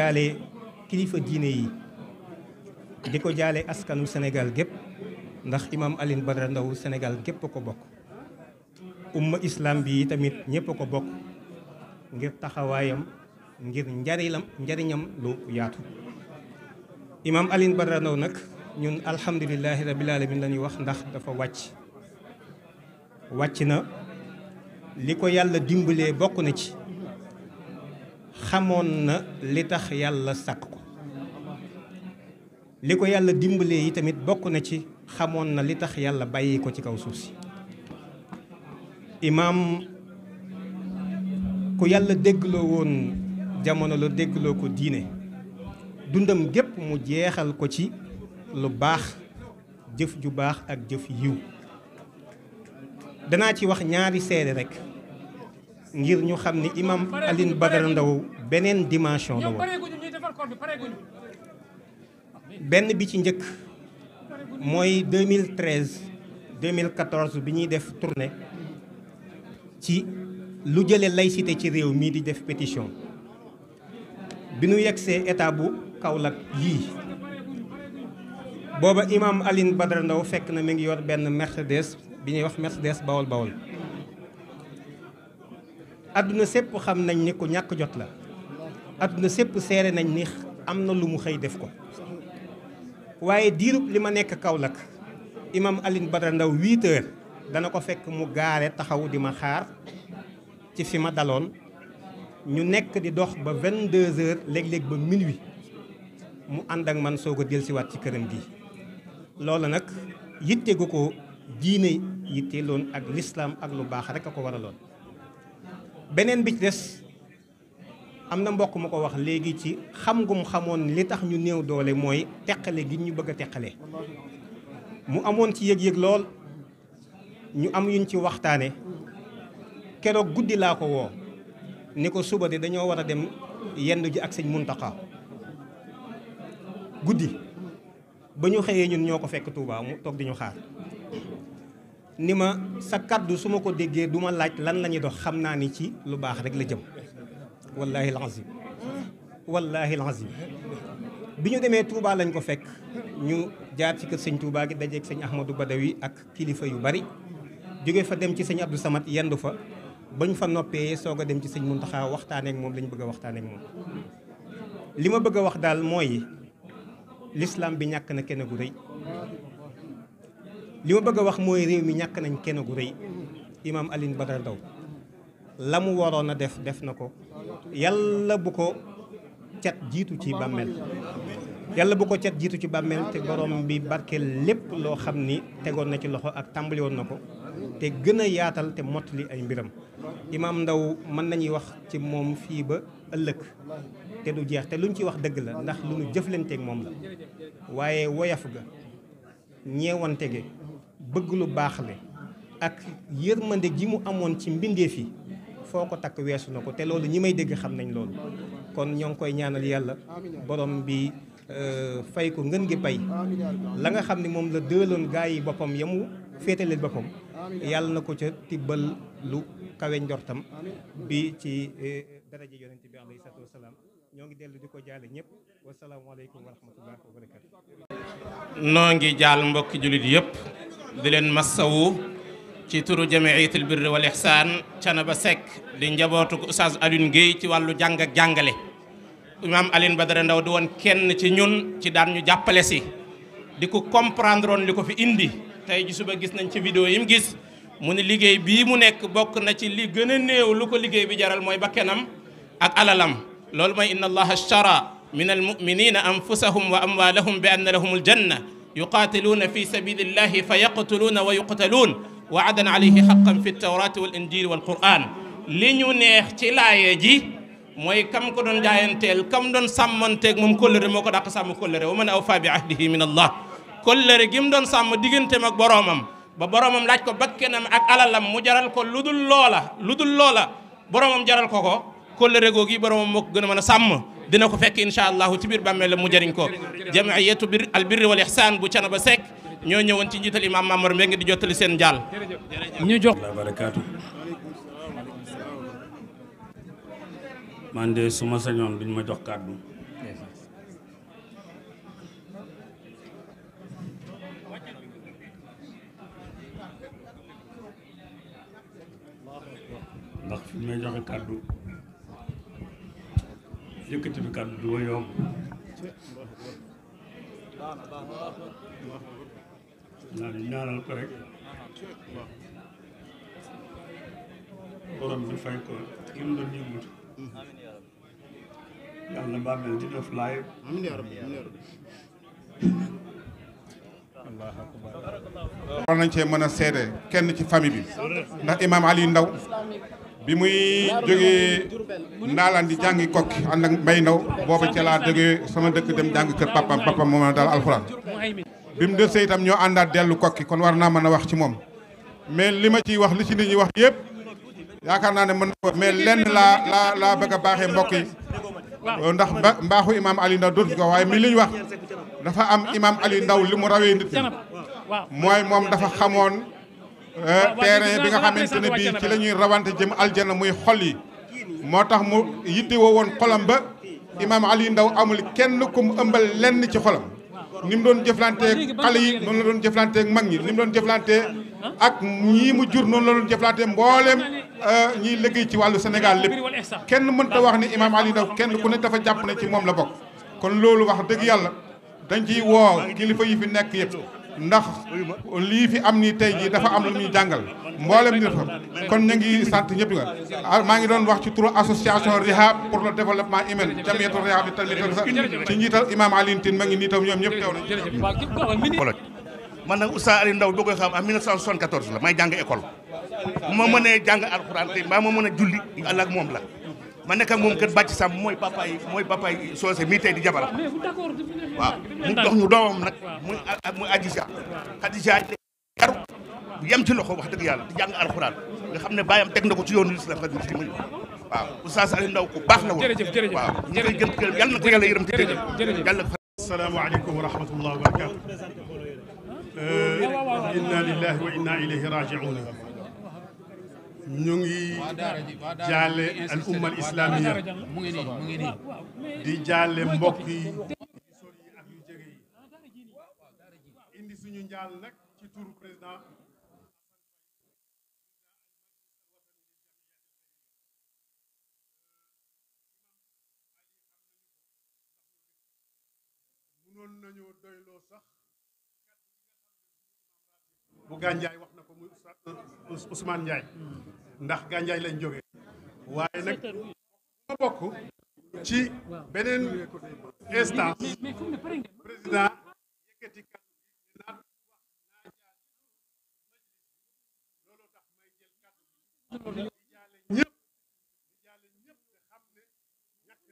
jaale kilifa diine yi di ko jaale askanu Sénégal gépp ndax imam Alioune Badara Ndao Sénégal gépp a ko bokk umma islam bi tamit ñëpp a ko bokk ngir taxawaayam ngir njariñam njariñam lu yaatu imam Alioune Badara ndaw nag ñun alhamdulilahi rabil alamin la wax ndax dafa wàcc wàcc na li ko yàlla dimbalee bokk na ci xamoon na li tax yàlla sàkk ko li ko yàlla dimbalee yi tamit bokk na ci xamoon na li tax yàlla bàyyi ko ci kaw suuf si imaam ku yàlla déggloo woon jamono la déggloo ko diine dundam gépp mu jeexal ko ci lu baax jëf ju baax ak jëf yiw danaa ci wax ñaari seede rekk ngir ñu xamni imam aline badar ndaw benen dimension la woon benn bi ci ñëk moy 2013 2014 bi ñuy def tournée ci lu jëlé laïcité ci réew mi di def pétition bi ñu yegsee état bu kaolak yii boba imam aline badar ndaw fekk na mi ngi yor benn Mercedes bi ñuy wax Mercedes bawol bawol adduna sépp xam nañ ni ku ñàkk jot la adduna sépp seere nañ ni am na lu mu xëy def ko waaye diirub li ma nekk kaw Kaolack imam alin Badara ndaw 8 heures dana ko fekk mu gaare taxaw di ma xaar ci fi ma daloon ñu nekk di dox ba 22 heures léeg-léeg ba min wi mu ànd ak man soog a dellusiwaat ci këram gi loolu nag yitte gu ko jiine yitte loon ak lislaam ak lu baax rek a ko waraloon beneen bi ci des am na mbokk mu ko wax léegi ci xam gum xamoon li tax ñu néew doole mooy teqale gi ñu bëgg a teqale mu amoon ci yëg-yëg lool ñu am yuñ ci waxtaane keroog guddi laa ko woo ni ko suba de dañoo war a dem yendu ji ak sëñ Muntaxa guddi ba ñu xëyee ñun ñoo ko fekk Touba mu toog di ñu xaar ni ma sa kàddu su ma ko déggee du ma laaj lan la ñuy dox xam naa ni ci lu baax rek la jëm wallaahi alazim wallaahi alazim bi ñu demee Touba lañ ko fekk ñu jaar ci kër sëñ Touba gi dajeeg sëñ Ahmadou Badawi ak kilifa yu bari jóge fa dem ci sëñ Abdou Samad yendu fa bañ fa noppee soog a dem ci sëñ Muntaxa waxtaaneek moom lañ bëgg a waxtaaneek moom li ma bëgg a wax daal mooy lislaam bi ñàkk na kenn gu rëy li ma bëgg a wax mooy réew mi ñàkk nañ kenn gu rëy imaam Alioune Badara Ndao la mu waroon a def def na ko yàlla bu ko cat jiitu ci bàmmeel bu ko cat jiitu ci bàmmeel te borom bi barkeel lépp loo xam ni tegoon na ci loxo ak tàmbaliwoon na ko te gën a yaatal te mott li ay mbiram imaam ndaw mën nañuy wax ci moom fii ba ëllëg te du jeex te luñ ci wax dëgg la ndax lu ñu jëflanteeg moom la waaye woyaf ga ñeewante ge bëgg lu baax le ak yërmande gi mu amoon ci mbindeef yi foo ko takk weesu na ko te loolu ñi may dégg xam nañ loolu kon ñoo ngi koy ñaanal yàlla boroom bi euh, fay ko ngën gi pay la nga xam ni moom la dëloon gaa yi boppam ya mu féetale boppam yàlla na ko ca tibbal lu kawe njortam bi ci euh, daraja yonente bi alayhi salaatu wasalaam ñoo ngi dellu di ko jaale ñëpp wasalaamualeykum wa rahmatullahi wa noo ngi jaal mbokki jullit yëpp di leen massawu ci turu jamiyatul birri wal ihsan Canaba Seck di njabootu Oustaz Alioune Guèye ci wàllu jàng ak jàngale Imam Alioune Badara Ndaw di woon kenn ci ñun ci daan ñu jàppale si di comprendre woon li fi indi tey ji suba gis nañ ci vidéo yi mu gis mu ne liggéey bii mu nekk bokk na ci li gën a néew lu ko bi jaral mooy bakkenam ak alalam loolu mooy inna allaha ashtara min almuminina anfusahum wa amwalahum bi anna lahumul janna يقاتلون في سبيل الله فيقتلون ويقتلون وعدا عليه حقا في التوراة والإنجيل والقرآن لن نيختي لا يجي موي كم كون جاينتل كم دون سامونتك موم كول ري موكو داك سام كول ري ومن اوفى بعهده من الله كول ري جيم دون سام ديغنت ماك بروامم با بروامم لاج كو بكنم اك علالم مو جارال كو لودول لولا لودول لولا بروامم جارال كوكو كول ري غوغي بروامم موك غن مانا سام dina ko fekk incha allahu ci biir bàmmeel la mu jëriñ ko jamiyatu bir al birri wal ihsan bu cana ba sekk ñoo ñëwoon ci njiital imaam Mamar Mbengue di jottali seen jaal ñu jox barakaatu man de su ma sañoon duñ ma jox kàddu ma yomb naa di ñaanal ko rek borom war nañ cee mën a seede kenn ci famille bi ndax imaam Aliou Ndaw bi muy jógee ndaalaan di jàngi kokki ànd mbay ndaw booba ca laa jógee sama dëkk dem jàng kër papam papam moom la daal alxuraan bi mu dese itam ñoo àndaat dellu kokki kon war naa mën a wax ci moom mais li ma ciy wax li ci nit ñi wax yépp yaakaar naa ne mën na ko mais lenn laa laa laa bëgg baaxee mbokk yi ndax mbaaxu imaam Aliou Ndao dootu ko waaye mi li wax dafa am imaam Aliou ndaw li mu rawee nit ñi mooy moom dafa xamoon Euh, terrain bi nga xamante ne bii ci la ñuy rawante jëm aljana muy xol yi moo tax mu yittewoo woon xolam ba imaam Aliou ndaw amul kenn ku mu ëmbal lenn ci xolam ni mu doon jëflanteeg xale yi noonu la doon jëflanteeg mag ñi ni mu doon jëflantee ak ñii mu jur noonu la doon jëflantee mbooleem euh, ñiy liggéey ci wàllu Sénégal lépp kenn mënta wax ni imaam Aliou Ndao kenn ku ne dafa jàpp na ci moom la bokk kon loolu wax dëgg yàlla dañ ciy woo kilifa yii fi nekk yëpp ndax lii fi am ni tey jii dafa am lu muy jàngal mboolem ni dafa kon ñu ngi sant ñëpp nga ah, maa ngi doon wax ci turu association Rihab pour le développement humain jamiyatu Rihab bi tamit ci njiital imam Alioune Tine ma ngi nii tam ñoom ñëpp teew nañ man nag Oustaz Aliou Ndao doo koy xam en 1974 la may jàng école bu ma mënee jàng alxuraan tey mbaa ma mën a julli yàlla ak moom la ma nekk ak moom kër bàcc sàmm mooy papa yi mooy papa yi soose mii tey di jabaram ah, waaw mu jox ñu doomam nag muy muy Adja Adja yaru yem ci loxo wax dëgg yàlla di jàng alxuraan nga xam ne bàyyam teg na ko ci yoonu lislam ak muslim waaw oustaz Aliou Ndao ku baax la woon waaw ñu koy gën kër yàlla na ko yàlla yërëm te tëjee yàlla asalaamaaleykum wa rahmatullah wa barakatu euh, inna lillahi wa inna ilayhi rajiun ñu ngi jaale al umma islamiya di jaale mbokk yi sori yi indi suñu njaal nag ci turu président munoon nañoo doyloo sax bu gànjaay wax Ousmane Ndiaye hmm. ndax Gandiaye lañ jógee waaye nag ma bokk ci beneen instance président ñëpp ñëpp te xam ne ñàkk nañ ñàkk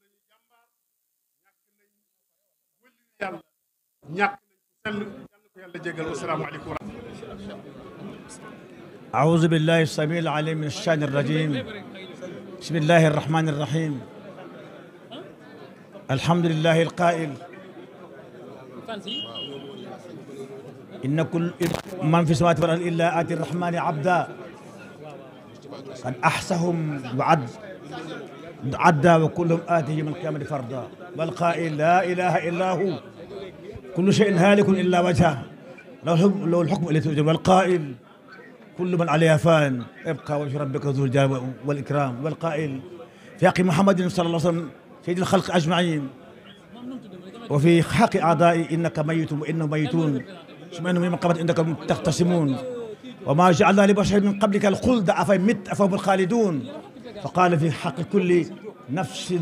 nañu jàmbaar ñàkk nañ wëliyu yàlla ñàkk nañ أعوذ بالله السميع العليم من الشان الرجيم بسم الله الرحمن الرحيم الحمد لله القائل إن كل من في السماوات والأرض إلا آتي الرحمن عبدا قد أحسهم وعد عدا وكلهم آتي من كامل فردا والقائل لا إله إلا هو كل شيء هالك إلا وجهه لو الحكم لو الحكم الى والقائل كل من عليها فان ابقى وجه ربك ذو الجلال والإكرام والقائل في حق محمد صلى الله عليه وسلم سيد الخلق أجمعين وفي حق أعدائي إنك ميت وإنهم ميتون اشمعنهم من قبل إنكم تختصمون وما جعلنا لبشر من قبلك الخلد افمت مت أفهم الخالدون فقال في حق كل نفس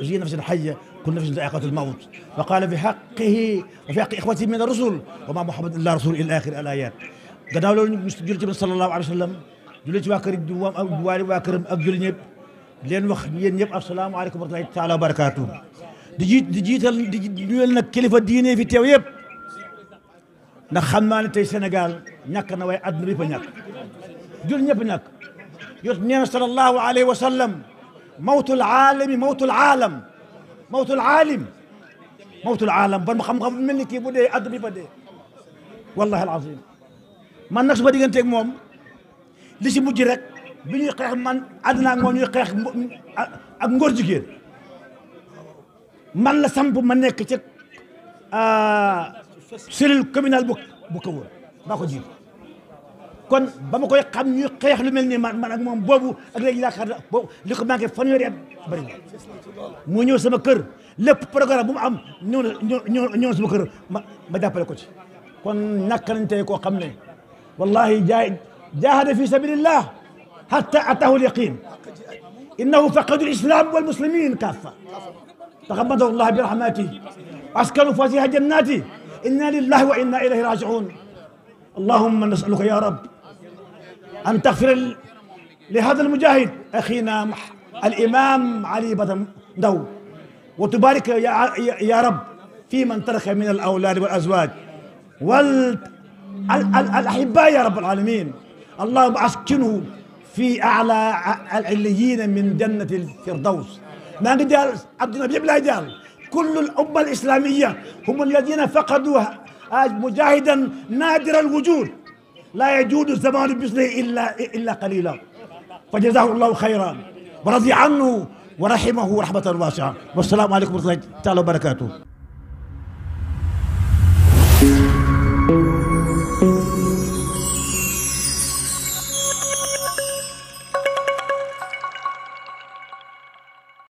جي نفس حية كنا في ذائقة الموت فقال في حقه وفي حق إخوته من الرسل وما محمد إلا رسول إلى آخر الآيات قالوا له جلت من صلى الله عليه وسلم جلت واكر الدوام أو دواري واكر أبجل نيب لين وخ نيب نيب السلام عليكم ورحمة الله تعالى وبركاته دجيت دجيت نيول نك كلفة ديني في تويب نخمن ما نتي سنغال نك نوي أدنبي بنك جل نيب نك يوسف صلى الله عليه وسلم موت العالم موت العالم موت العالم موت العالم بان خم خم ملي كي بودي ادبي بودي والله العظيم ما نكس بدي نتيك موم لي سي مودي رك بني خيخ مان من يقرأ ني خيخ اك نغور جيجين مان لا سامب ما نيك تي ا سيل كومينال بوك بوكو باكو جيجين kon ba ma koy xam ñuy xeex lu mel ni man man ak moom boobu ak léegi yaakaar na boobu li ko manqué fanweeri at bëri na moo ñëw sama kër lépp programme bu mu am ñëw na ñëw ñëw sama kër ma ma jàppale ko ci kon ñàkk nañ tey koo xam ne wallahi jaay jaahada fi sabilillah hatta ataahu al yaqin innahu faqadu al islam wal muslimin kaffa taxamadahu llah bi rahmatihi askanu fasiha jannati inna lillahi wa inna ilayhi rajiun اللهم نسألك يا رب أن تغفر لهذا المجاهد أخينا الإمام علي بدر دو وتبارك يا رب في من ترك من الأولاد والأزواج والأحباء يا رب العالمين اللهم أسكنه في أعلى العليين من جنة الفردوس ما نعم، عبد النبي بلا جال كل الأمة الإسلامية هم الذين فقدوا مجاهدا نادر الوجود لا يجود الزمان بمثله إلا, إلا قليلا فجزاه الله خيرا ورضي عنه ورحمه رحمة واسعة والسلام عليكم ورحمة الله تعالى وبركاته